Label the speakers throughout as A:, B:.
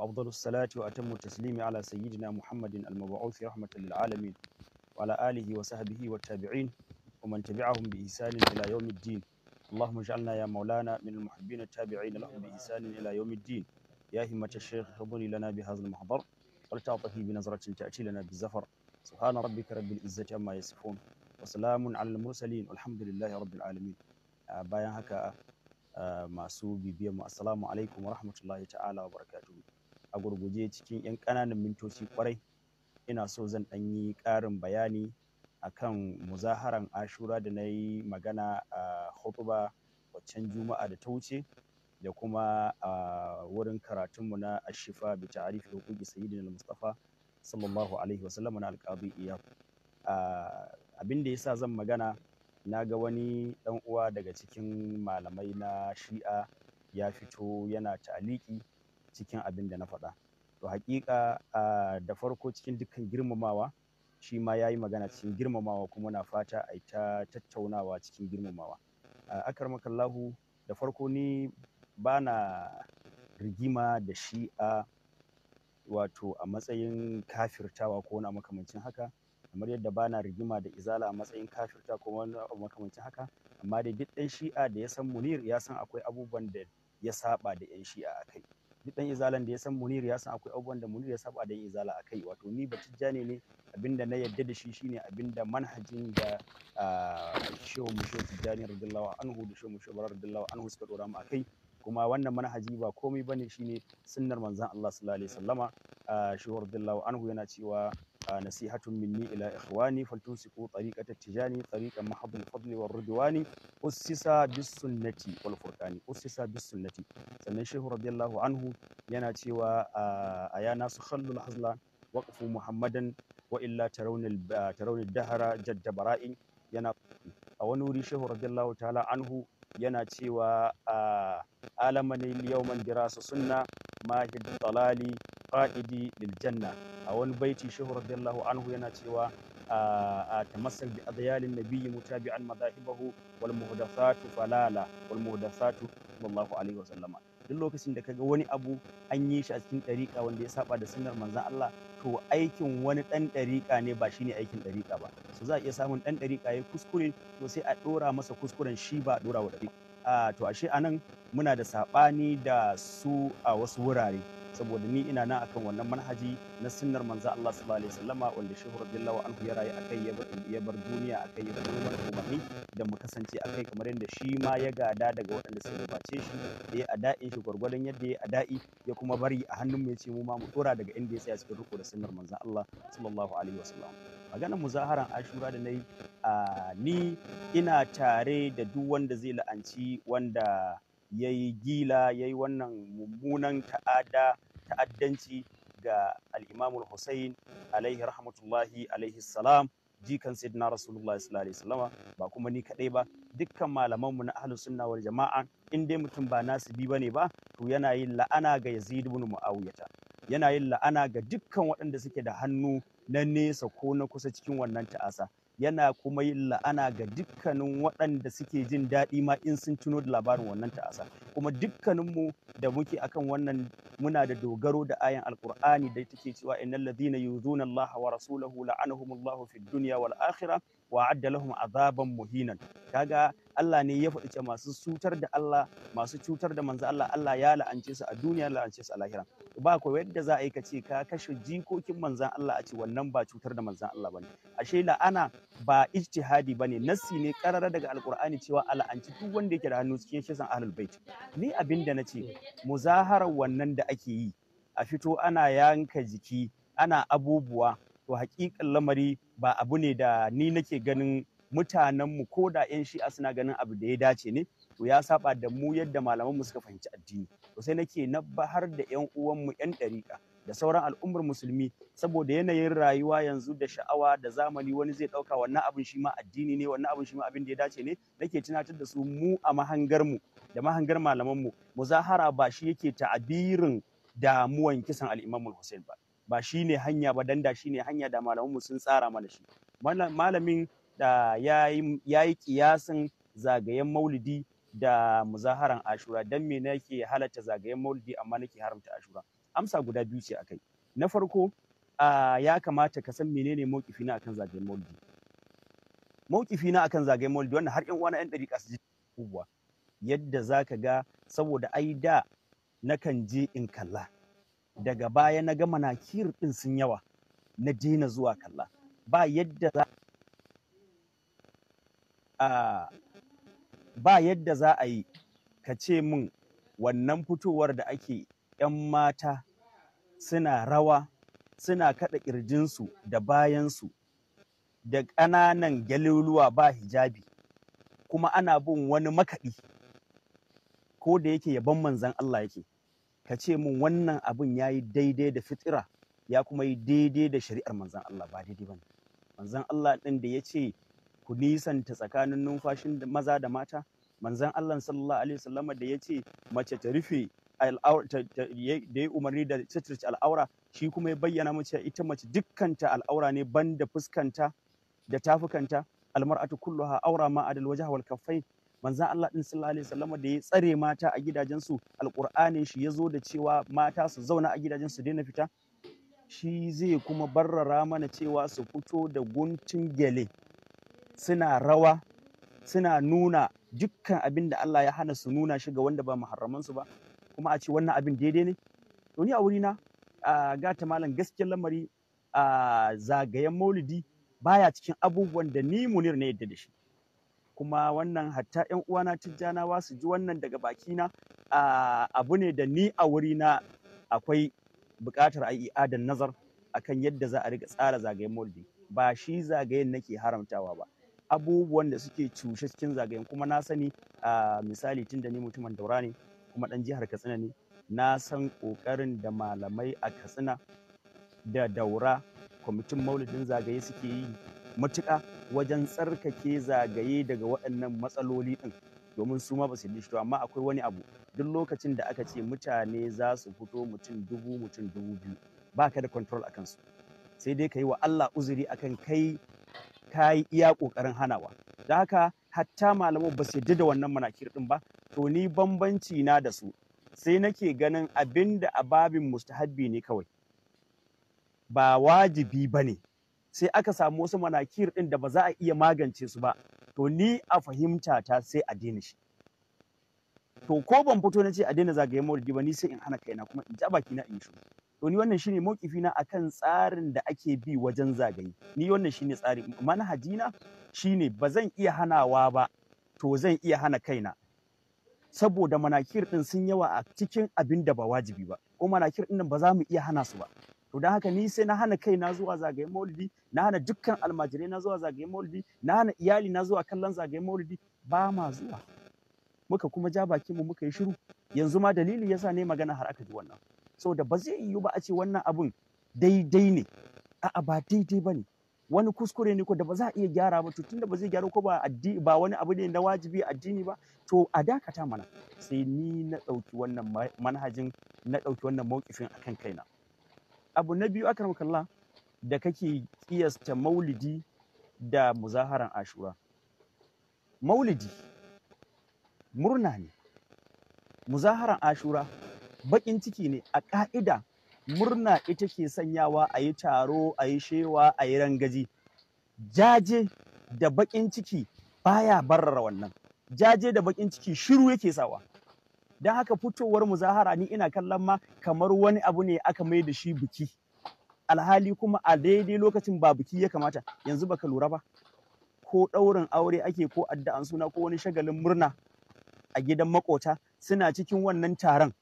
A: وأفضل الصلاة وأتم التسليم على سيدنا محمد المبعوث رحمة للعالمين وعلى آله وصحبه والتابعين ومن تبعهم بإحسان إلى يوم الدين اللهم اجعلنا يا مولانا من المحبين التابعين لهم بإحسان إلى يوم الدين يا همة الشيخ اغضني لنا بهذا المحضر ولتعطفي بنظرة تأتي لنا بالزفر سبحان ربك رب العزة عما يصفون وسلام على المرسلين والحمد لله رب العالمين bayan haka masu bibiyar mu assalamu alaikum wa rahmatullahi ta'ala wa barakatuhu a gurguje cikin 'yan ƙananan mintoci kwarai ina so zan ɗan yi ƙarin bayani akan muzaharan ashura da na yi magana a hutuba waccan juma'a da ta wuce da kuma a wurin karatunmu na ashifa bi ta'arifi hukuki sayyidina mustafa sallallahu alaihi wa sallam, na alqadi iya. abin da yasa zan magana na ga wani ɗan uwa daga cikin malamai na shi'a ya fito yana ta'aliki cikin abin da na faɗa to hakika da farko cikin dukkan girmamawa shi ma ya yi magana cikin girmamawa kuma na fata a ta tattaunawa cikin girmamawa makallahu da farko ni ba na rigima da shi'a wato a matsayin kafirtawa ko wani makamancin haka kamar yadda ba na rigima da izala a matsayin kafirta ko wani makamancin haka amma dai duk ɗan shi'a da ya san munir ya san akwai abubuwan da ya saɓa da 'yan shi'a a kai duk dan izalan da ya san munir ya san akwai abubuwan da munir ya saba da izala akai. wato ni ba batijjani ne abinda na yadda da shi shine abinda manhajin da shehu musho tijjani radiyallahu anhu da shehu musho radiyallahu anhu suka dora mu akai. kuma wannan manhaji ba komai bane shine sunnar manzon Allah sallallahu alaihi wasallama shehu radiyallahu anhu yana cewa nasihatun minni ila ikhwani faltusiku tariqata tsarika tariqan tsarikan fadli war riduwani ussisa bis sunnati wal furqani ussisa bis sunnati sannan shehu radiyallahu anhu yana cewa a nasu khallul hazla waqfu muhammadan wa illa tarawna dahara jadda bara'i yana a wani wuri shehu radiyallahu ta'ala anhu yana cewa a alamani yawman dirasa sunna ma hid dalali qa'idi lil janna a wani baiti shehu radiyallahu anhu yana cewa a tamassal bi adyalin nabiyyi mutabi'an madahibahu wal muhdathatu falala wal muhdathatu sallallahu alaihi wa sallama duk lokacin da kaga wani abu an yi shi a cikin dariƙa wanda ya saba da sunnar manzon Allah to aikin wani ɗan dariƙa ne ba shine aikin dariƙa ba so za a iya samun ɗan dariƙa ya kuskure to sai a ɗora masa kuskuren shi ba a wa ɗariƙa to ashe anan muna da saɓani da su a wasu wurare saboda ni ina nan akan wannan manhaji na sunnar manzo Allah sallallahu alaihi wasallama wanda shehu radiyallahu anhu ya rayu akai ya bar duniya akai ya bar umarni da mu kasance akai kamar yadda shi ma ya gada daga waɗanda suka bace shi da ya ada'in shi gwargwadon yadda ya ada'i ya kuma bari a hannun mu ya ce mu ma mu dora daga inda ya tsaya cikin riko da sunnar manzo Allah sallallahu alaihi wasallam maganar muzaharan ashura da na yi a ni ina tare da duk wanda zai la'anci wanda ya yi gila ya yi wannan mummunan ta'ada ta'addanci ga al'imamul hussain alaihi rahmatullahi alaihi salam jikan sayyidina rasulullah sallallahu alaihi ba kuma ni kadai ba dukkan malaman mu na ahlus sunna wal jama'a in dai mutum ba nasibi bane ba to yana yin la'ana ga yazid ibn muawiyata yana yin la'ana ga dukkan waɗanda suke da hannu na nesa ko na kusa cikin wannan ta'asa yana kuma yin la'ana ga dukkanin waɗanda suke jin daɗi ma in sun tuno da labarin wannan ta'asa kuma dukkaninmu da muke akan wannan muna da dogaro da ayan alkur'ani da take cewa innal ladhina yuzuna allaha wa rasulahu la'anahumullahu fid dunya wal akhirah wa lahum azaban muhinan kaga Allah ne ya faɗi ce masu cutar da Allah masu cutar da manzo Allah Allah ya la'ance su a duniya la'ance su a lahira ba ko yadda za a yi ka ce ka kashe jikokin manzan Allah a ce wannan ba cutar da manzan Allah bane ashe la'ana ba ijtihadi bane nassi ne karara daga alqur'ani cewa al'anci duk wanda yake da hannu cikin san ahlul bait ni abin da nace muzaharar wannan da ake yi a fito ana yanka jiki ana abubuwa to hakikan lamari ba abu ne da ni nake ganin mutanenmu ko da 'yan shi'a suna ganin abu da ya dace ne to ya saba da mu yadda malaman mu suka fahimci addini to sai nake na bahar da 'yan uwanmu 'yan ɗariƙa da sauran al'ummar musulmi saboda yanayin rayuwa yanzu da sha'awa da zamani wani zai ɗauka wannan abin shi ma addini ne wannan abin shi ma abin da ya dace ne nake tunatar da su mu a mahangarmu da mahangar malamanmu muzahara ba shi yake ta'abirin damuwan kisan al'imamul hussein ba ba shi ne hanya ba dan da shi ne hanya da malamanmu sun tsara mana shi malamin da ya yi kiyasin zagayen maulidi da muzaharan ashura dan me nake halatta zagayen maulidi amma nake haramta ashura amsa guda biyu ce akai na farko ya kamata ka san menene mawkifi na akan zagayen maulidi mawkifi na akan zagayen maulidi wannan har yan uwana yan dariƙa su ji yadda zaka ga saboda ai da nakan je in kalla daga baya na gama manakir din sun yawa na dina zuwa kalla ba yadda za a ba yadda za a yi ka ce min wannan fitowar da ake 'yan mata suna rawa suna kaɗa ƙirjinsu da bayansu da ƙananan galiluwa ba hijabi kuma ana bin wani makaɗi ko da yake yaban manzan Allah yake ka ce min wannan abin ya yi daidai da fitira ya kuma yi daidai da shari'ar manzan Allah ba daidai ba ne manzan Allah ɗin da ya ce ku nisanta tsakanin numfashin maza da mata manzan Allah sallallahu alaihi wasallam da ya ce mace ta rufe da ya umarni da sitirce al'aura shi kuma ya bayyana mace ita mace dukkanta al'aura ne banda fuskanta da tafukanta almar'atu kulluha aura ma adal wajha wal kaffain manzan Allah din sallallahu alaihi wasallam da ya tsare mata a gidajensu alqur'anin shi ya zo da cewa mata su zauna a gidajensu daina fita shi zai kuma barrara mana cewa su fito da guntun gyale suna rawa suna nuna dukkan abin da Allah ya hana su nuna shi ga wanda ba su ba kuma a ce wannan abin daidai ne to ni a wurina a ta malam gaskiyar lamari a zagayen maulidi baya cikin abubuwan da ni munir ne yadda da shi kuma wannan hatta yan uwana mm. wa su ji wannan daga bakina abu ne da ni a wuri na akwai buƙatar a yi adan nazar akan yadda za a riga tsara zagayen moldi ba shi zagayen nake haramtawa ba abubuwan da suke cushe cikin zagayen kuma na sani a misali tunda ni mutumin daura ne kuma ɗan jihar katsina ne na san ƙoƙarin da malamai a katsina da daura kwamitin maulidin zagaye suke yi matuƙa wajen tsarkake zagaye daga waɗannan matsaloli ɗin domin su ma ba su shi amma akwai wani abu duk lokacin da aka ce mutane za su fito mutum dubu mutum dubu biyu ba ka da control a kansu sai dai ka yi wa Allah uzuri akan kai ka yi iya ƙoƙarin hanawa da haka hatta malamai ba su yarda da wannan manakir ɗin ba to ni bambanci na da su sai nake ganin abin da a mustahabbi ne kawai ba wajibi ba ne sai aka samu wasu manakir ɗin da ba za a iya magance su ba to ni a fahimta ta sai a daina shi to ko ban fito na ce a daina zagaye maulidi ba ni sai in hana kaina kuma in ja baki na in shi to ni wannan shine maukifi na akan tsarin da ake bi wajen zagaye ni wannan shine tsari na shine ba zan iya hanawa ba to zan iya hana kaina saboda manakir ɗin sun yawa a cikin abin da ba wajibi ba ko manakir ɗin ba za mu iya hana su ba to don haka ni sai na hana kai na zuwa zagayen maulidi na hana dukkan almajirai na zuwa zagayen maulidi na hana iyali na zuwa kallon zagayen maulidi ba ma zuwa muka kuma ja baki mu muka yi shiru yanzu ma dalili yasa ne magana har aka ji wannan saboda ba zai yiwu ba a ce wannan abun daidai ne a'a ba daidai ba ne wani kuskure ne ko da ba za a iya gyara ba to tunda ba zai gyara ko ba wani abu ne na wajibi addini ba to a dakata mana sai ni na ɗauki wannan manhajin na ɗauki wannan mawkifin akan kaina abu na biyu aka makalla da kake kiyasta maulidi da muzaharan ashura maulidi murna ne muzaharan ashura bakin ciki ne a ka'ida murna ita ke sanyawa a yi taro a yi shewa a yi rangaji jaje da bakin ciki baya barra wannan jaje da bakin ciki shiru yake sawa don haka fitowar muzahara ni ina kallon ma kamar wani abu ne aka mai da shi biki alhali kuma a daidai lokacin ba biki ya kamata yanzu baka lura ba ko ɗaurin aure ake ko addu'an suna ko wani shagalin murna a gidan makota suna cikin wannan taron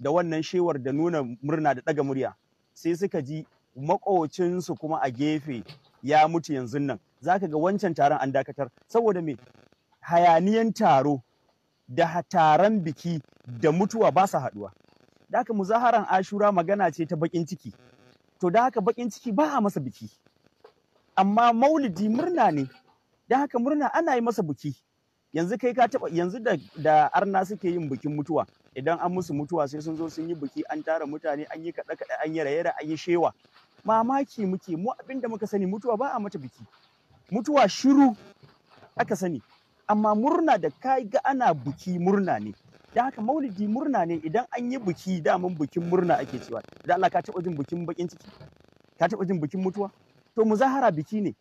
A: da wannan shewar da nuna murna da ɗaga murya sai suka ji makocinsu kuma a gefe ya mutu yanzu nan zaka ga wancan taron an dakatar saboda me hayaniyan taro da taron biki da mutuwa ba su haɗuwa. Da haka muzaharan ashura magana ce ta baƙin ciki. To da haka baƙin ciki ba a masa biki. Amma maulidi murna ne. Da haka murna ana yi masa biki. Yanzu kai ka taɓa yanzu da, da arna suke yin bikin mutuwa. Idan an musu mutuwa sai sun zo sun yi biki an tara mutane an yi kaɗe-kaɗe an yi raye-raye an yi shewa. Mamaki muke mu abinda muka sani mutuwa ba a mata biki. Mutuwa shiru aka sani. amma murna da ka ga ana buki murna ne da haka maulidi murna ne idan an yi buki daman bukin murna ake cewa idan Allah ka taɓa jin bukin bakin ciki ka taɓa jin bukin mutuwa to muzahara biki ne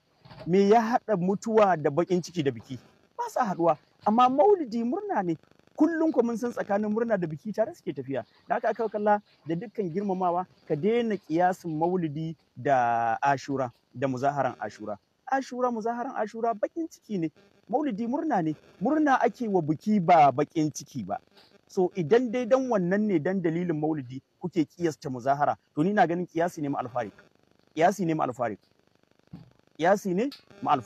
A: me ya haɗa mutuwa da bakin ciki da biki ba sa haɗuwa amma maulidi murna ne kullum ku mun san tsakanin murna da biki tare suke tafiya da haka aka kalla da dukkan girmamawa ka daina kiyasin maulidi da ashura da muzaharan ashura ashura muzaharan ashura bakin ciki ne maulidi murna ne murna ake wa buki ba bakin ciki ba so idan dai dan wannan ne dan dalilin maulidi kuke kiyasta muzahara to ni na ganin kiyasi ne ma kiyasi ne ma kiyasi ne ma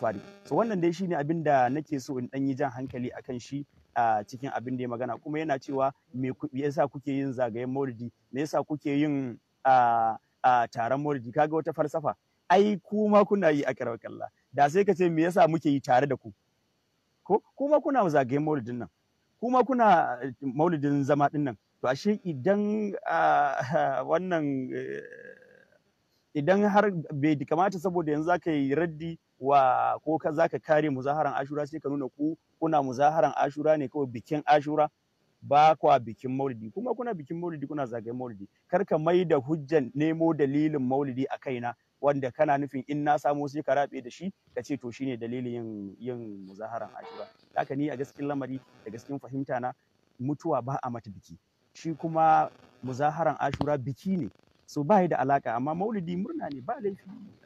A: so wannan dai shine abin da nake so in dan yi jan hankali akan shi a cikin abin da ya magana kuma yana cewa me yasa kuke yin zagayen maulidi me yasa kuke yin a taron maulidi kaga wata falsafa ai kuma kuna yi a karar da sai ka ce me yasa muke yi tare da ku ko kuma kuna zagayen maulidin nan kuma kuna eh, maulidin zama din nan to ashe idan ah, wannan eh, idan har bai kamata saboda yanzu zaka yi raddi wa ko ka zaka kare muzaharan ashura sai ka nuna ku kuna muzaharan ashura ne kawai bikin ashura ba kwa bikin maulidi kuma kuna bikin maulidi kuna zagayen maulidi kar ka mai da hujjan nemo dalilin maulidi a kaina wanda kana nufin in na samo sai ka rabe da shi ka ce to shine dalilin yin yin muzaharan ashura haka ni a gaskin lamari da gaskin fahimta na mutuwa ba a mata biki shi kuma muzaharan ashura biki ne so ba da alaka amma maulidi murna ne ba laifi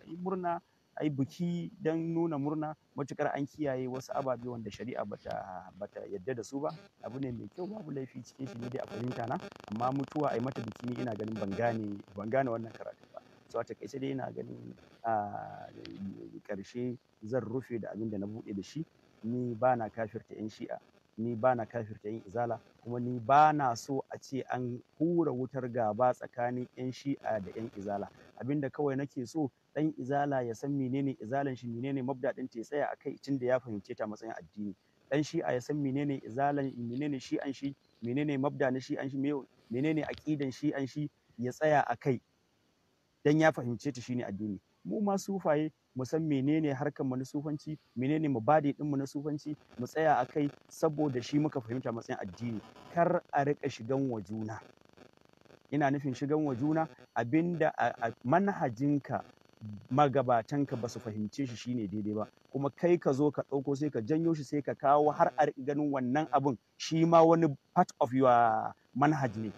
A: ai murna ai biki don nuna murna matukar an kiyaye wasu ababe wanda shari'a bata bata yadda da su ba abu ne mai kyau babu laifi cikin shi ne dai a fahimta na amma mutuwa ai mata biki ne ina ganin ban gane ban gane wannan karatu so a takaice dai ina ganin a ƙarshe zan rufe da abin da na buɗe da shi ni ba na kafirta 'yan shi'a ni ba na kafirta 'yan izala kuma ni ba na so a ce an hura wutar gaba tsakanin 'yan shi'a da 'yan izala abinda kawai nake so ɗan izala ya san menene izalan shi menene mabda ɗin ta tsaya kai tun da ya fahimce ta matsayin addini ɗan shi'a ya san menene izalan menene shi'an shi menene mabda na shi'an shi menene aƙidan shi'an shi ya tsaya a kai. dan ya fahimce ta shine addini mu ma sufaye mu san menene harkar mu na sufanci menene mu bade din mu na sufanci mu tsaya akai saboda shi muka fahimta matsayin addini kar a rika shigan wa juna ina nufin shigan wa juna abinda manhajinka magabatanka ba su fahimce shi shine daidai ba kuma kai ka zo ka ɗauko sai ka janyo shi sai ka kawo har a ganin wannan abun, shi ma wani part of your manhaj ne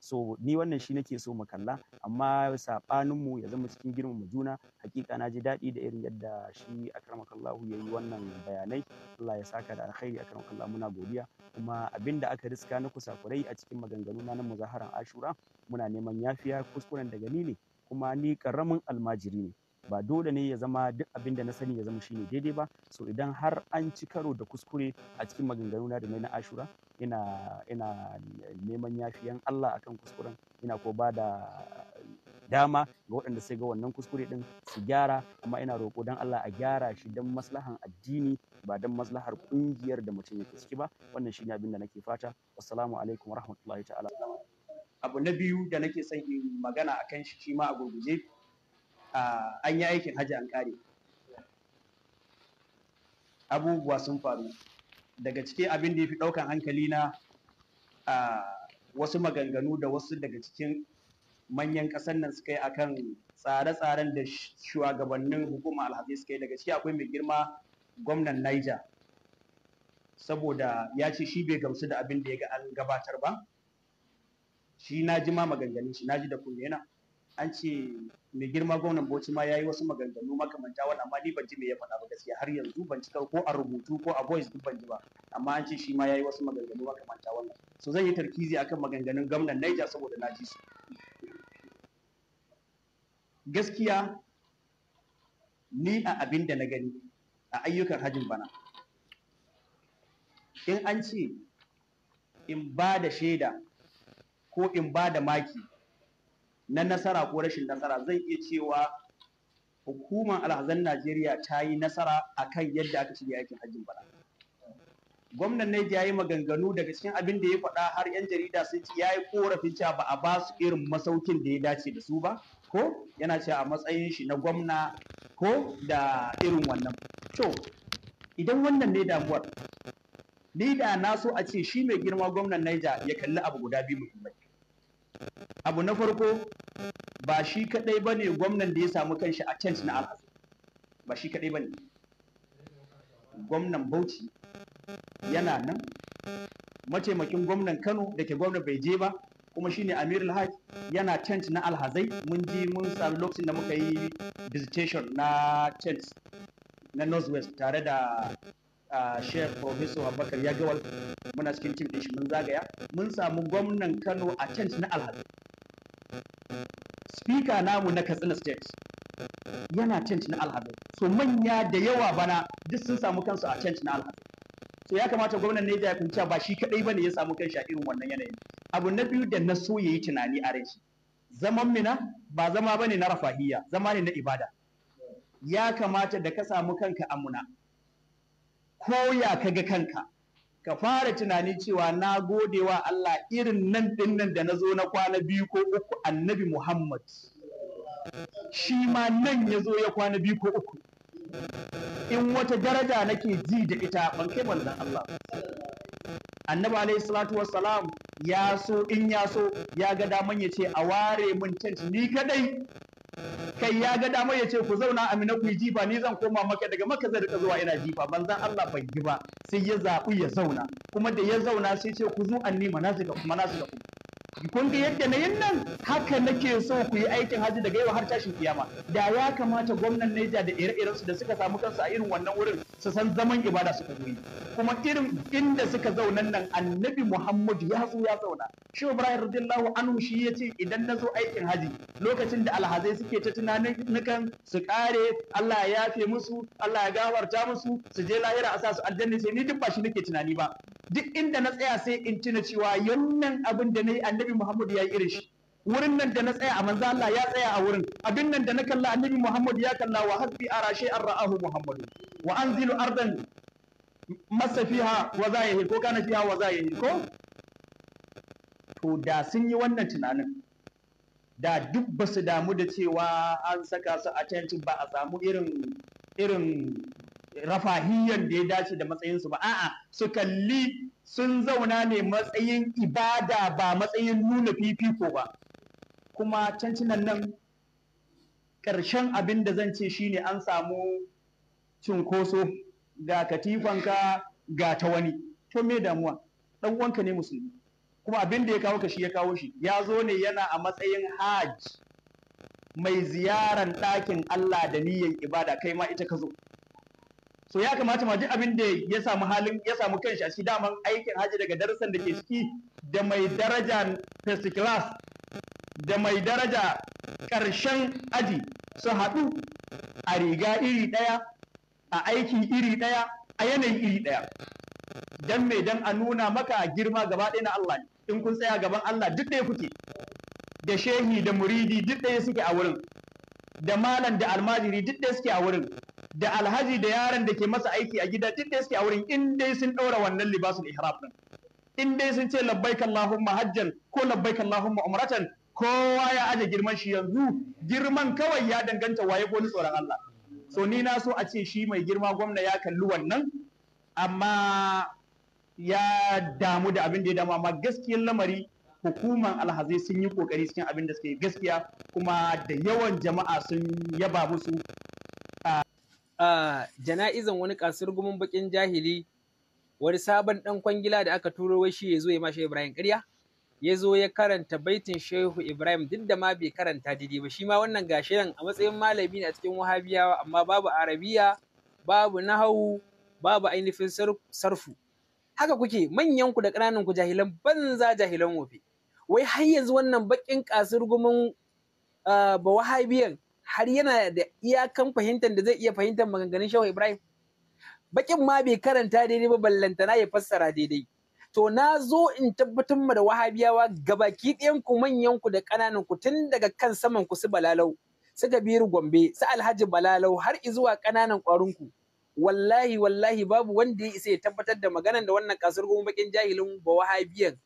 A: so ni wannan shi nake so mu kalla amma sabanin ya zama cikin girmama juna hakika na ji daɗi da irin yadda shi akramakallahu ya yi wannan bayanai Allah ya saka da alkhairi Allah muna godiya kuma abinda aka riska na kusakurai a cikin maganganu na muzaharan ashura muna neman yafiya kuskuren daga ni ne kuma ni karamin almajiri ne ba dole ne ya zama duk abin da na sani ya zama shine daidai ba so idan har an ci karo da kuskure a cikin maganganu na da mai na ashura ina ina neman yafiyan Allah akan kuskuren ina ko ba da dama ga waɗanda sai ga wannan kuskure din su gyara amma ina roƙo dan Allah a gyara shi don maslahan addini ba don maslahar ƙungiyar da mutum yake ciki ba wannan shine abin da nake fata assalamu alaikum warahmatullahi ta'ala abu na biyu da nake son in magana akan shi shi ma a gurguje an yi aikin hajji an kare abubuwa sun faru daga cikin abin da ya fi ɗaukan hankali na wasu maganganu da wasu daga cikin manyan ƙasar nan suka yi a kan tsare-tsaren da shugabannin hukumar alhazi suka yi daga ciki akwai mai girma gwamnan niger saboda ya ce shi bai gamsu da abin da ya ga an gabatar ba shi na ji ma maganganun na ji da na. an ce mai girma gwamnan Bauchi ma yayi wasu maganganu makamanta wani amma ni ban ji me ya faɗa ba gaskiya har yanzu ban ci ko a rubutu ko a voice duk ban ji ba amma an ce shi ma yayi wasu maganganu makamanta wannan so zan yi tarkizi akan maganganun gwamnan Naija saboda na ji su gaskiya ni a abin da na gani a ayyukan hajin bana in an ce in ba da shaida ko in ba da maki na nasara ko rashin nasara zan iya cewa hukumar alhazan Najeriya ta yi nasara akan yadda aka shirya aikin hajjin bala Gwamnan Naija ya yi maganganu daga cikin abin da ya faɗa har 'yan jarida sun ci ya yi korafin cewa ba a ba su irin masaukin da ya dace da su ba, ko yana cewa a matsayin shi na gwamna ko da irin wannan. To, idan wannan ne damuwar, ni da na so a ce shi mai girma gwamnan Naija ya kalli abu guda biyu muhimmai. abu na farko ba shi kadai ba ne gwamnan da ya samu kanshi a tent na al'adu ba shi kadai ba ne gwamnan bauchi yana nan mataimakin gwamnan kano da ke gwamnan bai je ba kuma shine amir alhaj yana tent na alhazai mun ji mun sami lokacin da muka yi visitation na tent na northwest tare da Sheikh Professor Abubakar Yagawal muna cikin tim din shi mun zagaya mun samu gwamnan Kano a tent na Alhaji speaker namu na Katsina State yana tent na Alhaji so manya da yawa bana duk sun samu kansu a tent na Alhaji so ya kamata gwamnan Niger ya kunta ba shi kadai bane ya samu kansa irin wannan yanayin abu na biyu da na so yayi tunani a rai zaman mina ba zama bane na rafahiya zama ne na ibada ya kamata da ka samu kanka Amuna. koya ka ga kanka ka fara tunani cewa na gode wa Allah irin nan din nan da na zo na kwana biyu ko uku annabi Muhammad shi ma nan ya zo ya kwana biyu ko uku in wata daraja nake ji da ita ban kai manzon Allah annabi alaihi salatu wassalam ya so in ya so ya ga daman ya ce a ware mun tent ni kadai kai ya ga damar ya ce ku zauna amina ku yi jifa ni zan koma maka daga maka zai rika zuwa ina jifa banzan Allah bai yi ba sai ya zaɓi ya zauna kuma da ya zauna sai ce ku zo anni manazika kuma kun ga yadda na yin nan haka nake so ku yi aikin haji daga yau har tashin kiyama da ya kamata gwamnan Neja da ire-irensu da suka samu kansu a irin wannan wurin su san zaman ibada suka yi kuma irin inda suka zauna nan annabi Muhammadu ya zo ya zauna shi Ibrahim radiyallahu anhu shi ya ce idan na zo aikin haji lokacin da alhazai suke ta tunanin nukan su kare Allah ya yafe musu Allah ya gawarta musu su je lahira a sa su aljanna sai ni duk ba shi nake tunani ba duk inda na tsaya sai in tuna cewa yannan abin da na yi annabi annabi Muhammad ya yi irin shi wurin nan da na tsaya a manzo Allah ya tsaya a wurin abin nan da na kalla annabi Muhammad ya kalla wa hasbi arashi shay'an ra'ahu Muhammad wa anzilu ardan masa fiha wa zayihi ko kana fiha wa zayihi ko to da sun yi wannan tunanin da duk ba su damu da cewa an saka su a tentin ba a samu irin irin Rafahiyar da ya dace da matsayinsu ba a'a su kalli sun zauna ne matsayin ibada ba matsayin nuna fifiko ba kuma cancinan nan ƙarshen abin da zan ce shine an samu cunkoso ga katifanka ga ta wani to me damuwa dan uwanka ne musulmi kuma abin da ya kawo ka shi ya kawo shi ya zo ne yana a matsayin hajj mai ziyaran ɗakin Allah da niyyar ibada kai ma ita ka zo so ya kamata ma duk abin da ya samu halin ya samu kanshi a shi daman aikin haji daga darasan da ke mm. ciki da mai daraja first class da mai daraja ƙarshen aji su haɗu a riga iri ɗaya a aiki iri ɗaya a yanayi iri ɗaya dan mai dan a nuna maka girma gaba ɗaya na Allah ne in kun tsaya gaban Allah duk ɗaya kuke da shehi da muridi duk ɗaya suke a wurin da malam da almajiri duk ɗaya suke a wurin da alhaji da yaran da ke masa aiki a gida duk da suke a wurin in dai sun ɗaura wannan libasul ihram din in dai sun ce labbaik allahumma hajjan ko labbaik allahumma umratan kowa ya aje girman shi yanzu girman kawai ya danganta waye ko ni tsoron Allah so ni na so a ce shi mai girma gwamna ya kalli wannan amma ya damu da abin da ya dama. amma gaskiyar lamari hukuman alhazai sun yi kokari cikin abin da suke gaskiya
B: kuma da yawan jama'a sun yaba musu jana'izan wani kasar gumin bakin jahili wani sabon dan kwangila da aka turo wai shi ya zo ya ma Ibrahim ƙarya ya zo ya karanta baitin Shehu Ibrahim duk da ma bai karanta daidai ba shi ma wannan gashi nan a matsayin malami ne a cikin Wahabiyawa amma babu Arabiya babu nahawu babu ainihin sarfu haka kuke manyan ku da ƙananan ku jahilan banza jahilan wofi wai har yanzu wannan bakin kasar gumin ba wahabiyan har yana da iyakan fahimtar da zai iya fahimtar maganganun Shehu Ibrahim bakin ma bai karanta daidai ba ballantana ya fassara daidai to na zo in tabbatar ma da wahabiyawa gabaki ɗayan ku manyan ku da ƙananan ku tun daga kan saman ku su balalau su kabiru gombe su alhaji balalau har zuwa ƙananan ƙwarin ku wallahi wallahi babu wanda ya isa ya tabbatar da maganan da wannan kasar goma bakin jahilin ba wahabiyan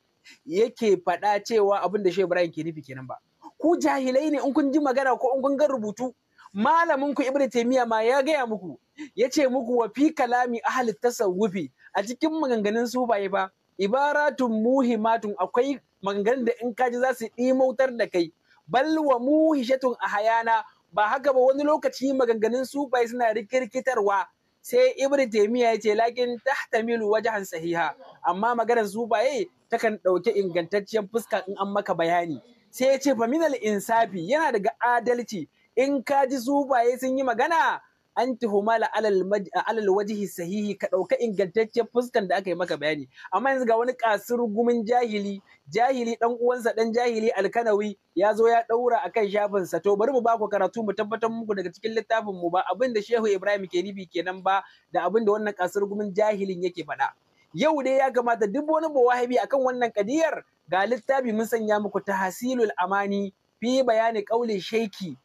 B: yake faɗa cewa abin da Shehu Ibrahim ke nufi kenan ba ku jahilai ne in kun ji magana ko in kun ga rubutu malamin ku ibnu taymiya ma ya gaya muku yace muku wa fi kalami ahli tasawufi a cikin maganganun sufaye ba ibaratun muhimatun akwai maganganun da in ka ji za su ɗimautar da kai bal wa muhishatun a hayana ba haka ba wani lokaci maganganun su sufaye suna rikirkitarwa sai ibnu taymiya ya ce lakin tahtamilu wajhan sahiha amma maganar su sufaye takan ɗauki ingantacciyar fuska in an maka bayani sai ya ce faminal insafi yana daga adalci in ka ji zubaye sun yi magana an tuhuma alal wajihi sahihi ka ɗauka ingantaccen fuskan da aka yi maka bayani amma yanzu ga wani kasir gumin jahili jahili dan uwansa dan jahili alkanawi ya zo ya ɗaura a kan shafin sa to bari mu ba ku karatu mu tabbatar muku daga cikin littafin mu ba abin da shehu ibrahim ke nufi kenan ba da abin da wannan kasir gumin jahilin yake faɗa yau dai ya kamata duk wani bawahibi akan wannan kadiyar ga littafi mun sanya muku tahasilul amani fi bayani qauli sheiki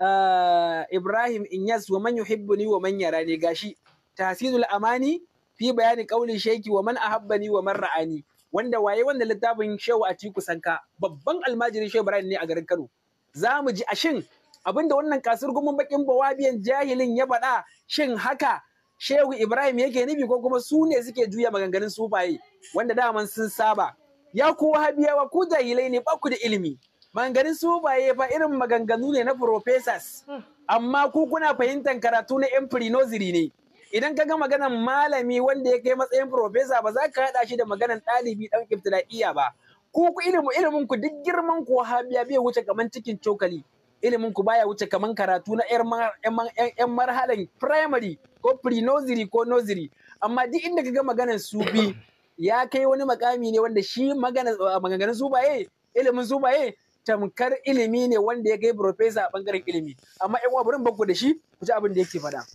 B: eh, Ibrahim Inyas wa man yuhibbuni wa man yarani gashi tahasilul amani fi bayani qauli sheiki wa man ahabbani wa man ra'ani wanda waye wanda littafin Shehu ciku Sanka babban almajiri Shehu Ibrahim ne a garin Kano za mu ji a shin abinda wannan kasar gumin bakin bawabiyan jahilin ya faɗa shin haka Shehu Ibrahim yake nufi ko kuma su ne suke juya maganganun sufaye wanda daman sun saba ya ku wahabiyawa ku jahilai ne baku da ilimi maganganun sufaye fa irin maganganu ne na professors hmm. amma ku kuna fahimtar karatu na yan firinoziri ne idan ka ga maganan malami wanda ya kai matsayin profesa ba za ka haɗa shi da maganan ɗalibi ɗan iftila'iya ba ku ku ilimin ilimin ku duk girman ku wahabiya bai wuce kamar cikin cokali ilimin ku baya wuce kamar karatu na yan marhalan primary ko firinoziri ko noziri. amma duk inda ka ga maganan su bi. ya kai wani makami ne wanda shi ah, maganganun zubaye ilimin zubaye tamkar ilimi ne wanda ya kai profesa a bangaren ilimi amma yan uwa burin bakku da shi ku ji abin da yake faɗa.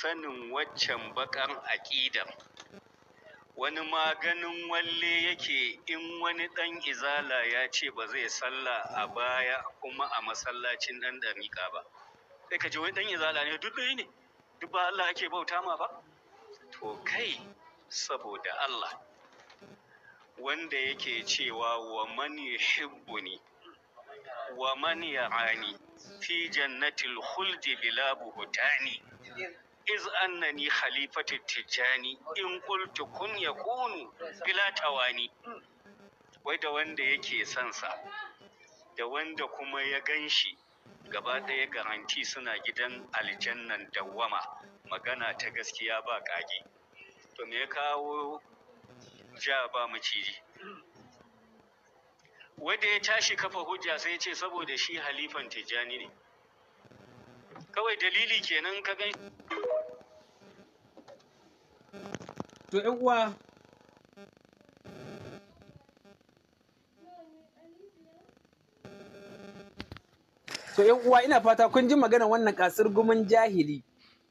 C: sanin waccan bakan aƙidan wani maganin walle yake in wani ɗan izala ya ce ba zai sallah a baya kuma a masallacin ɗan ɗariƙa ba sai ka ji wani ɗan izala ne duk ne duk ba Allah ake bauta ma ba to kai saboda Allah wanda yake cewa wa man yuhibbuni wa man ya'ani fi jannatil khuldi bila buhtani iz annani khalifatu tijani in qultu kun yakunu bila tawani wai da wanda yake son da wanda kuma ya ganshi gaba ɗaya garanti suna gidan aljannan dawwama magana ta gaskiya ba ƙage to me ya kawo ja ba maciji wanda ya tashi kafa hujja sai ce saboda shi halifan tijjani ne kawai dalili kenan ka gan
B: to ƴan uwa to uwa ina fata kun ji maganar wannan kasir gumin jahili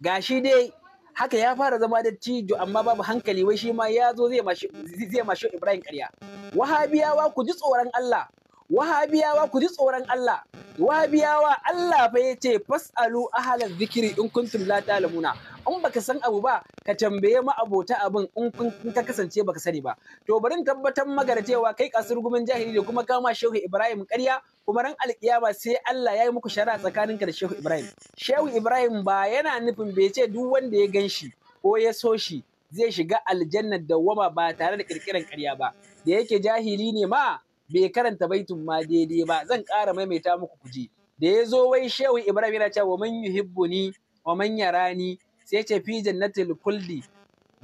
B: Ga shi dai haka ya fara zama da tijo amma babu hankali wai shi ma ya zo zai mashi Ibrahim karya wahabiyawa ku ji tsoron Allah wahabiyawa ku ji tsoron Allah wahabiyawa Allah fa yace fasalu ahalar zikiri in kuntum la ta'lamuna in baka san abu ba ka tambaye ma abota abin in kun ka kasance baka sani ba to bari in tabbatar maka da cewa kai kasar gumin jahili ne kuma kama shehu ibrahim ƙarya kuma ran alƙiyama sai Allah ya yi muku shari'a tsakaninka da shehu ibrahim shehu ibrahim ba yana nufin bai ce duk wanda ya gan shi ko ya so shi zai shiga aljannar dawwama ba tare da kirkirar ƙarya ba da yake jahili ne ma bai karanta baitun ma daidai ba zan ƙara maimaita muku kuje da ya zo wai shehu ibrahim yana cewa man yuhibbuni wa man yarani sai ce fi jannatil kuldi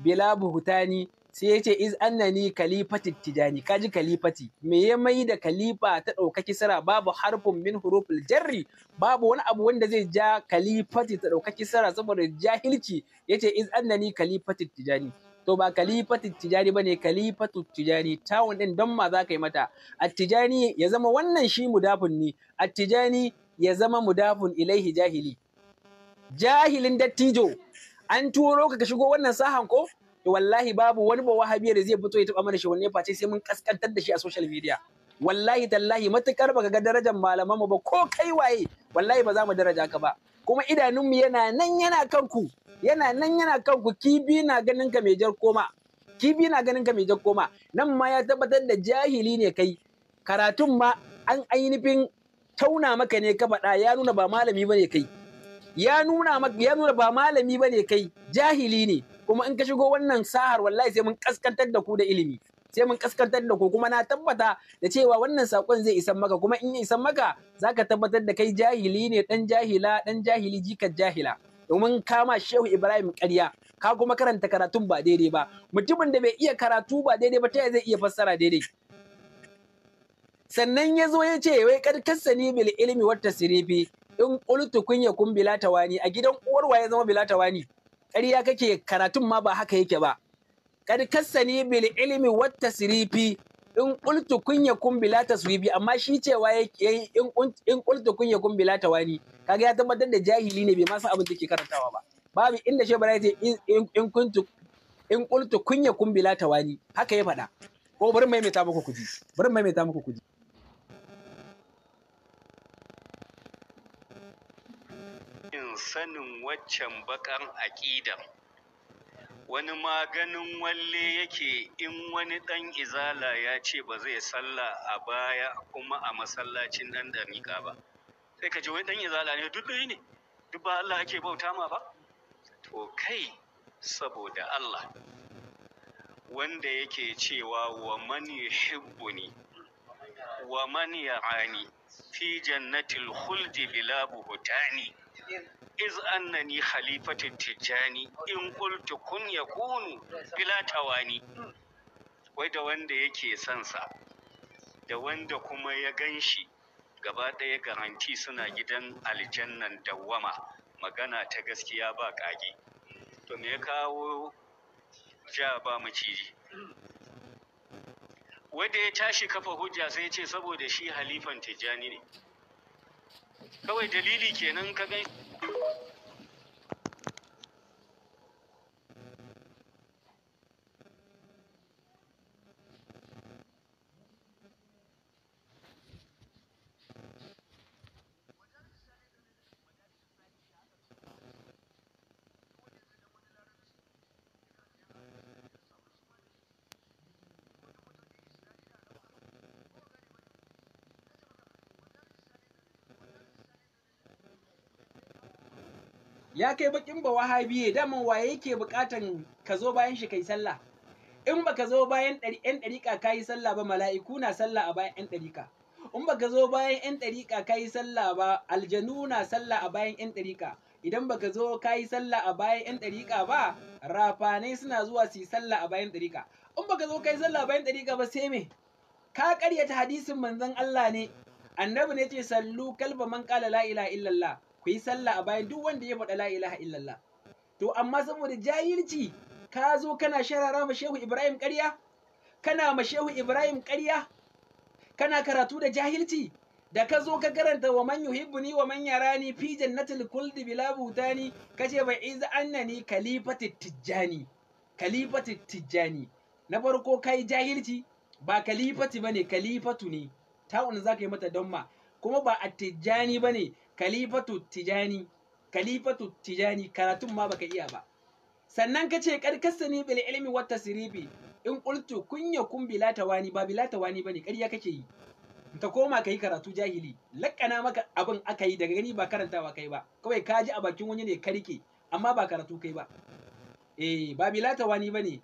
B: bila buhutani sai ya ce iz annani kalifati tijani kaji kalifati me ya mai da kalifa ta ɗauka sara babu harfin min huruful jarri babu wani abu wanda zai ja kalifati ta ɗauka kisara saboda jahilci ya ce iz annani kalifati tijani to ba kalifati tijani ne, kalifatu tijani tawun din don ma za ka yi mata A tijani ya zama wannan shi mudafun ni tijani ya zama mudafun ilaihi jahili jahilin dattijo an turo ka ka shigo wannan sahan ko wallahi babu wani ba wahabiya da zai fito ya taba mana shi. ya face sai mun kaskantar da shi a social media wallahi tallahi matukar baka ga darajar malaman mu ba ko kai waye wallahi ba za mu daraja ka ba kuma idanunmu yana nan yana kanku yana nan yana kanku kibi na ganin ka mai jar koma kibi na ganin ka mai jar koma nan ma ya tabbatar da jahili ne kai karatun ma an ainihin tauna maka ne ka faɗa ya nuna ba malami ba ne kai ya nuna ya nuna ba malami bane kai jahili ne kuma in ka shigo wannan sahar wallahi sai mun kaskantar da ku da ilimi sai mun kaskantar da ku kuma na tabbata da cewa wannan sakon zai isan maka kuma in ya isan maka zaka tabbatar da kai jahili ne dan jahila dan jahili jikar jahila domin kama shehu ibrahim ƙarya ka kuma karanta karatun ba daidai ba mutumin da bai iya karatu ba daidai ba ta zai iya fassara daidai sannan ya zo ya ce wai kad bil ilmi wata sirifi in qultu kun bilata wani a gidan uwar waye zama bilata wani, ƙarya kake karatun ma ba haka yake ba kad kassani bil ilmi wat tasrifi in qultu kun bilata bila amma shi cewa yayi in qultu kun bilata wani kaga ya tabbatar da jahili ne bai ma san abin da ke karantawa ba babu inda shi ya ce in kuntu in kultu kunya kun bilata wani, haka ya faɗa ko bari maimaita muku kuji bari maimaita muku kuji
C: sanin waccan baƙar aƙidar wani maganin walle yake in wani ɗan izala ya ce ba zai sallah a baya kuma a masallacin ɗan ɗariƙa ba sai ka ji wani ɗan izala ne duk ne duk ba Allah ake bauta ma ba to kai saboda Allah wanda yake cewa wa man yuhibbuni wa man ya'ani fi jannatil khuldi bila buhtani iz annani khalifatin tijjani in qultu kun yakunu bila tawani wai da wanda yake son sa da wanda kuma ya ganshi gaba ɗaya garanti suna gidan aljannan dawama magana ta gaskiya ba kage to me ya kawo ja ba maciji wanda ya tashi kafa hujja sai ya ce saboda shi halifan tijjani ne kawai dalili kenan ka gani
B: ya kai bakin ba wahabiye daman waye yake bukatan ka zo bayan shi kai sallah in baka zo bayan yan ɗariƙa ka yi sallah ba mala'iku na sallah a bayan yan ɗariƙa in baka zo bayan yan ɗariƙa ka yi sallah ba aljanu na sallah a bayan yan ɗariƙa idan baka zo ka yi sallah a bayan yan ɗariƙa ba rafanai suna zuwa su yi sallah a bayan ɗariƙa in baka zo ka yi sallah a bayan ɗariƙa ba sai me ka ƙaryata hadisin manzon Allah ne annabi ne ce sallu kalba man qala la ilaha illallah ku yi sallah a bayan duk wanda ya faɗa la ilaha illallah to amma saboda jahilci ka zo kana sharara ma shehu ibrahim ƙarya kana ma shehu ibrahim ƙarya kana karatu da jahilci da ka zo ka karanta wa man yuhibbuni wa man yarani fi jannatil kuldi bila butani kace bai iza annani kalifatu tijjani kalifatu tijjani na farko kai jahilci ba kalifati bane kalifatu ne ta'un zaka yi mata damma kuma ba attijani bane kalifatu tijani kalifatu tijani karatun ma baka iya ba sannan kace kar kasani bil ilmi wat tasrifi in qultu kunya kun bila tawani ba bila tawani bane ƙarya kake yi ta koma kai karatu jahili lakkana maka abin aka yi daga gani ba karantawa kai ba kawai ka ji a bakin wani ne karke amma ba karatu kai ba eh ba bila tawani bane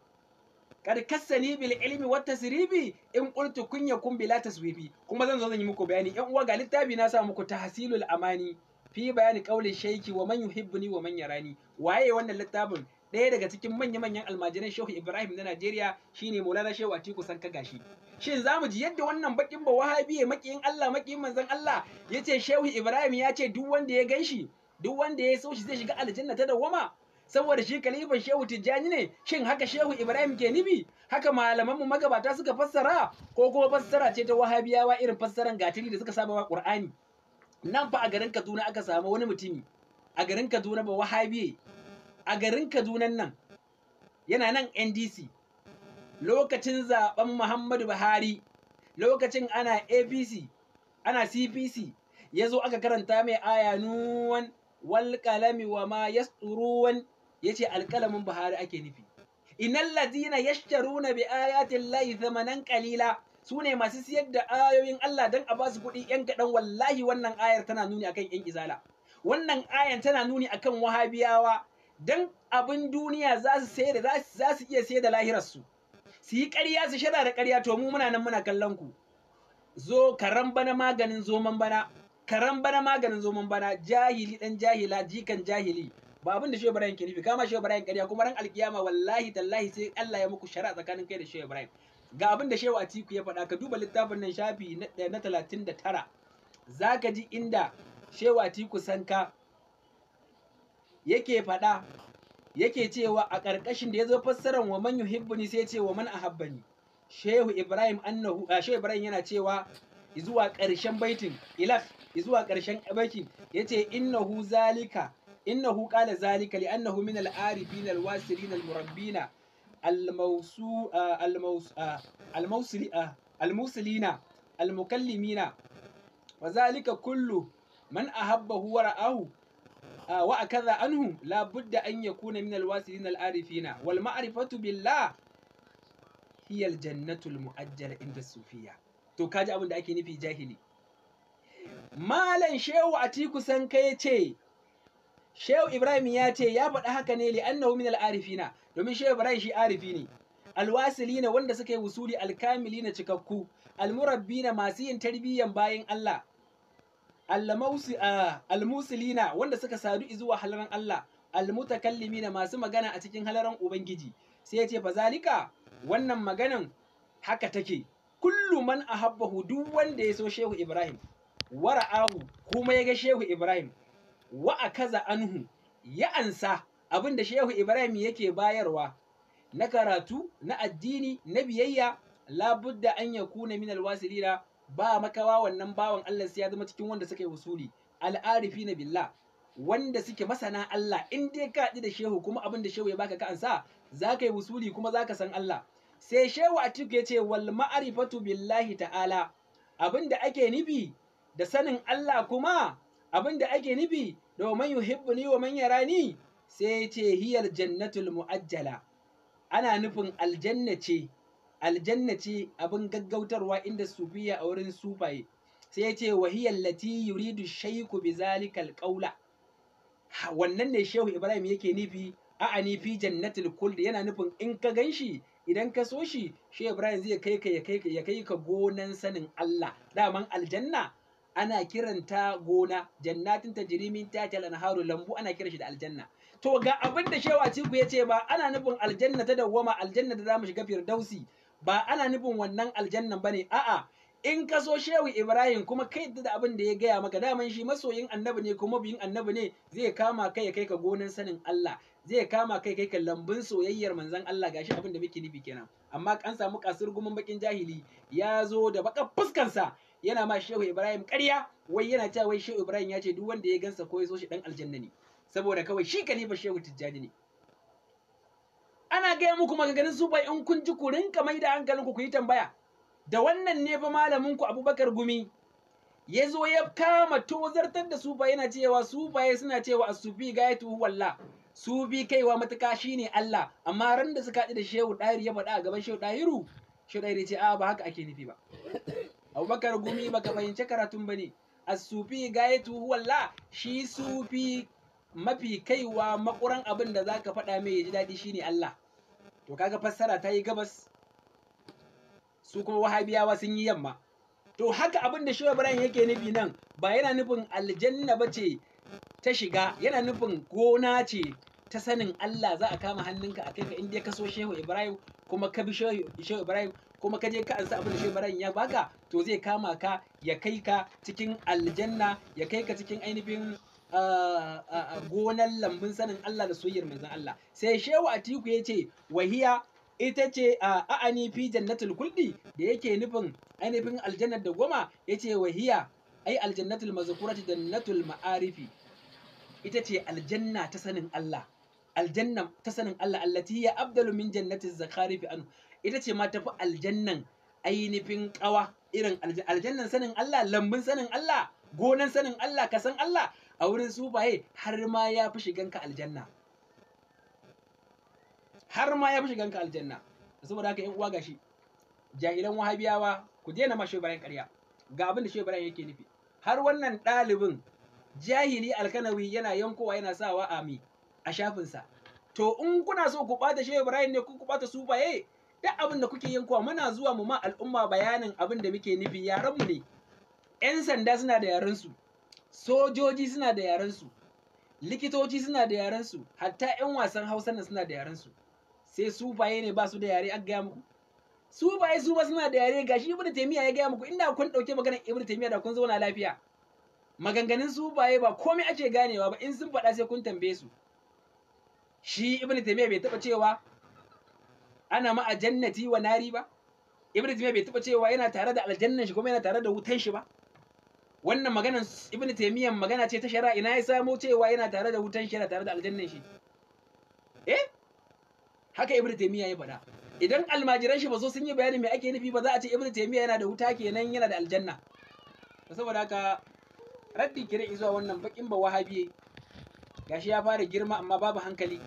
B: kad kassani bil ilmi wat tasribi in qultu kun yakun bila taswibi kuma zan zo zan yi muku bayani yan uwa ga littafi na sa muku tahsilul amani fi bayani qaulin shaiki wa man yuhibbuni wa man yarani waye wannan littafin ɗaya daga cikin manya-manyan almajiran Shehu Ibrahim na Najeriya shine Maulana Shehu Atiku Sanka gashi. Shin zamu ji yadda wannan bakin ba ya makiyin Allah makiyin manzon Allah yace Shehu Ibrahim ya ce duk wanda ya ganshi duk wanda ya so shi zai shiga aljanna ta dawwama saboda shi kalifan shehu tijjani ne shin haka shehu ibrahim ke nibi haka malaman mu magabata suka fassara ko kuma fassara ce ta wahabiyawa irin fassaran gatiri da suka saba wa qur'ani nan fa a garin kaduna aka samu wani mutumi a garin kaduna ba wahabiye a garin kaduna nan yana nan ndc lokacin zaben muhammadu buhari lokacin ana apc ana cpc ya zo aka karanta mai aya nuwan wal kalami wa ma yace alƙalamin Buhari ake nufi innal ladina yashtaruna bi ayati llahi zamanan qalila sune masu siyar da ayoyin Allah dan a basu kuɗi yan kaɗan wallahi wannan ayar tana nuni akan yan izala wannan ayar tana nuni akan wahabiyawa dan abin duniya za su da za su iya sayar da lahirar su su yi ƙarya su shada da ƙarya to mu muna nan muna kallon ku zo karan bana maganin zoman bana karan bana maganin zoman bana jahili dan jahila jikan jahili ba abin da shehu ibrahim ke nufi kama shehu ibrahim ƙarya kuma ran alkiyama wallahi tallahi sai Allah ya muku shari'a tsakanin kai da shehu ibrahim ga abin da shehu atiku ya faɗa ka duba littafin nan shafi na 39, eh, za ka ji inda shehu atiku sanka yake faɗa yake cewa a ƙarƙashin da ya zo fassaran wa man yuhibbuni sai ce wa man ahabbani shehu ibrahim annahu eh, shehu ibrahim yana cewa zuwa ƙarshen baitin ilaf zuwa ƙarshen baitin yace innahu zalika In qala zalika li annahu min al-arifin al-wasirin al-murabbina al-mawsilina al-mukallimina wa zalika kullu man ahabbahu wa anhu la budda an yakuna min al-wasirin al hiya al-jannatu inda sufiya to kaji abin da ake nufi jahili malam shehu atiku san kai ce shehu ibrahim ya ce ya faɗi haka ne li'annahu min al-arifina domin shehu ibrahim shi arifi ne alwasilina wanda suka yi wusuli alkamilina cikakku almurabbina masu yin tarbiyyan bayan Allah almusilina wanda suka sadu zuwa halaran Allah almutakallimina masu magana a cikin halaran ubangiji sai ya ce fa wannan maganan haka take kullu man ahabbahu duk wanda ya so shehu ibrahim wara'ahu kuma ya ga shehu ibrahim wa akaza anhu ya ansa abin da shehu ibrahim yake bayarwa na karatu na addini na biyayya labudda an yakuna min alwasilina ba makawa wannan bawan Allah sai ya zama cikin wanda suka yi usuli al'arifi na billah wanda suke masana Allah in dai ka da shehu kuma abin da shehu ya baka ka ansa zaka yi wusuli kuma zaka san Allah sai shehu a cikin ya ce wal ma'arifatu billahi ta'ala abin da ake nibi da sanin Allah kuma abin da ake nufi da wa ni wa man rani? sai ce hiyar jannatul mu'ajjala ana nufin aljanna ce aljanna ce abin gaggautarwa inda sufiya a wurin sufaye sai ce wa hiyar lati yuridu shaiku bi zalikal qaula wannan ne shehu ibrahim yake nufi a'a ni fi jannatul kuld yana nufin in ka gan shi idan ka so shi shehu ibrahim zai kai ya kai ka gonan sanin Allah daman aljanna ana kiranta gona jannatin tajrimin ta anharu lambu ana kiran shi da aljanna to ga abin da shewa ciku ya ce ba ana nufin aljanna ta dawwama aljanna da zamu shiga firdausi ba ana nufin wannan aljannan bane a'a in ka so shehu ibrahim kuma kai da abin da ya gaya maka daman shi masoyin annabi ne kuma biyin annabi ne zai kama kai ya kai ka gonan sanin Allah zai kama kai kai ka lambun soyayyar manzon Allah gashi abin da muke nufi kenan amma an samu kasur gumin bakin jahili ya zo da baka fuskansa yana ma shehu ibrahim ƙarya wai yana cewa wai shehu ibrahim ya ce duk wanda ya gansa ko ya so shi dan aljanna ne saboda kawai shi kalifa shehu tijjani ne ana gaya muku maganganun su bai in kun ji ku rinka mai da hankalin ku yi tambaya da wannan ne fa malamin ku abubakar gumi ya zo ya kama tozartar da sufa yana cewa sufaye suna cewa asufi gayatu walla su bi kaiwa matuka shine Allah amma ran da suka haɗu da shehu Dairi ya faɗa a gaban shehu Dairu shehu Dairi ce a ba haka ake nufi ba abubakar gumi baka fahimci karatun bane as-sufi gayatu huwa Allah shi sufi mafi kaiwa makuran abin da zaka faɗa mai ya ji daɗi shine Allah to kaga fassara ta yi gabas su kuma wahabiyawa sun yi yamma to haka abin da shehu ibrahim yake nufi nan ba yana nufin aljanna ba ta shiga yana nufin gona ce ta sanin Allah za a kama hannunka a kai ka inda ya kaso shehu ibrahim kuma ka bi shehu ibrahim kuma ka je ka ansa abin da shi maran ya baka to zai kama ka ya kai ka cikin aljanna ya kai ka cikin ainihin ah, ah, ah, gonan lambun sanin Allah da soyayyar manzon Allah sai shehu atiku ya ce wahiya ita ce a ani fi jannatul kulli da yake nufin ainihin aljannar da goma ya ce wahiya ai aljannatul mazkurat jannatul ma'arifi ita ce aljanna ta sanin Allah aljanna ta sanin Allah allati ya abdalu min jannati zakarifi anhu ita ce ma tafi aljannan ainihin kawa irin aljannan sanin Allah lambun sanin Allah gonan sanin Allah ka san Allah a wurin sufaye har ma ya fi shiganka aljanna har ma ya fi shiganka aljanna saboda haka yan uwa gashi jahilan wahabiyawa ku daina ma shebaran ƙarya ga abin da shebaran yake nufi har wannan ɗalibin jahili alkanawi yana yankowa yana sawa ami a shafinsa to in kuna so ku bata shehu ibrahim ne ku ku bata sufaye duk abin da kuke yin kuwa muna zuwa mu ma al'umma bayanin abin da muke nufi yaran ne yan sanda suna da yaran sojoji suna da yaran likitoci suna da yaran hatta yan wasan Hausa nan suna da yaran sai sufaye ne ba su da yare an gaya muku sufaye su ba suna da yare gashi ibn taymiya ya gaya muku inda kun dauke maganar ibn taymiya da kun zauna lafiya maganganun sufaye ba komai ake ganewa ba in sun faɗa sai kun tambaye su shi ibn taymiya bai taɓa cewa ana ma a jannati wa nari ba ibnu taymiya bai taba cewa yana tare da aljannan shi kuma yana tare da wutan shi ba wannan maganan ibnu taymiya magana ce ta shari'a ina ya samo cewa yana tare da wutan shi yana tare da aljannan shi eh haka ibnu taymiya ya faɗa idan almajiran shi ba zo sun yi bayani me ake nufi ba za a ce ibnu taymiya yana da wuta kenan yana da aljanna saboda haka raddi kire izuwa wannan bakin ba wahabiye gashi ya fara girma amma babu hankali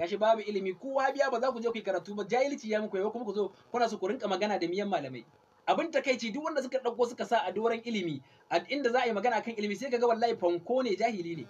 B: gashi babu ilimi kowa biya ba za ku je ku yi karatu ba jahilci ya muku yawa kuma ku zo kuna so ku rinka magana da miyan malamai abin takaici duk wanda suka ɗauko suka sa a doron ilimi a inda za a yi magana kan ilimi sai kaga wallahi fanko ne jahili ne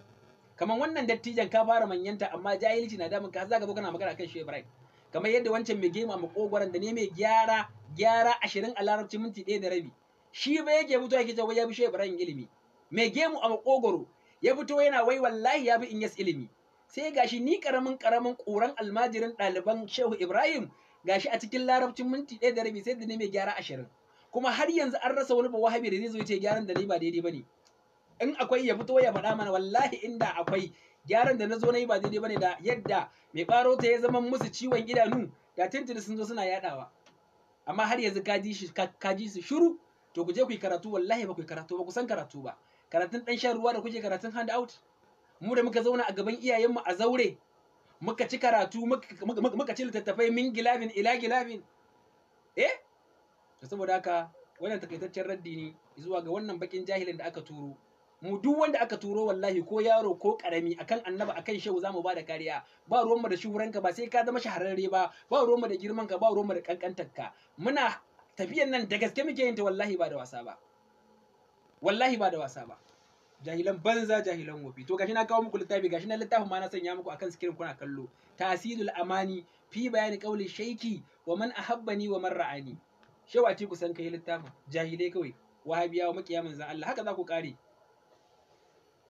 B: kamar wannan dattijan ka fara manyanta amma jahilci na damun ka za ka zo kana magana kan shehu Ibrahim kamar yadda wancan mai gema makogwaron da ne mai gyara gyara ashirin a larabci minti ɗaya da rabi shi ba yake fito yake cewa ya bi shehu Ibrahim ilimi mai gemu a makogwaro ya fito yana wai wallahi ya bi in yas ilimi sai gashi ni karamin karamin ƙuran almajirin ɗaliban shehu ibrahim gashi a cikin larabcin minti ɗaya da rabi sai da ne mai gyara ashirin kuma har yanzu an rasa wani bawahabi da zai zo ya ce gyaran da ni ba daidai bane in akwai ya fito ya faɗa mana wallahi inda akwai gyaran da na zo na ba daidai bane da yadda mai ɓaro ta ya zama musu ciwon idanu da tuntuni sun zo suna yaɗawa amma har yanzu ka ji su shiru to ku je ku yi karatu wallahi ba ku yi karatu ba ku san karatu ba karatun ɗan shan ruwa da kuke karatun hand out mu da muka zauna a gaban iyayenmu a zaure muka ci karatu muka ci littattafai min gilabin ila gilabin eh saboda haka wannan takaitaccen raddi ne zuwa ga wannan bakin jahilin da aka turo mu duk wanda aka turo wallahi ko yaro ko karami akan annaba akan shehu zamu bada kariya ba ruwanmu da shuhuranka ba sai ka zama shahararre ba ba ruwanmu da ka, ba ruwanmu da kankantarka muna tafiyan nan da gaske muke yin ta wallahi ba da wasa ba wallahi ba da wasa ba jahilan banza jahilan wofi to gashi na kawo muku littafi gashi na littafin ma na sanya muku akan sikirin kuna kallo tasidul amani fi bayani qawli shaiki wa man ahabbani wa man ra'ani shawati kusan kai littafin jahilai kawai wahabiyawa makiya manzan Allah haka za ku kare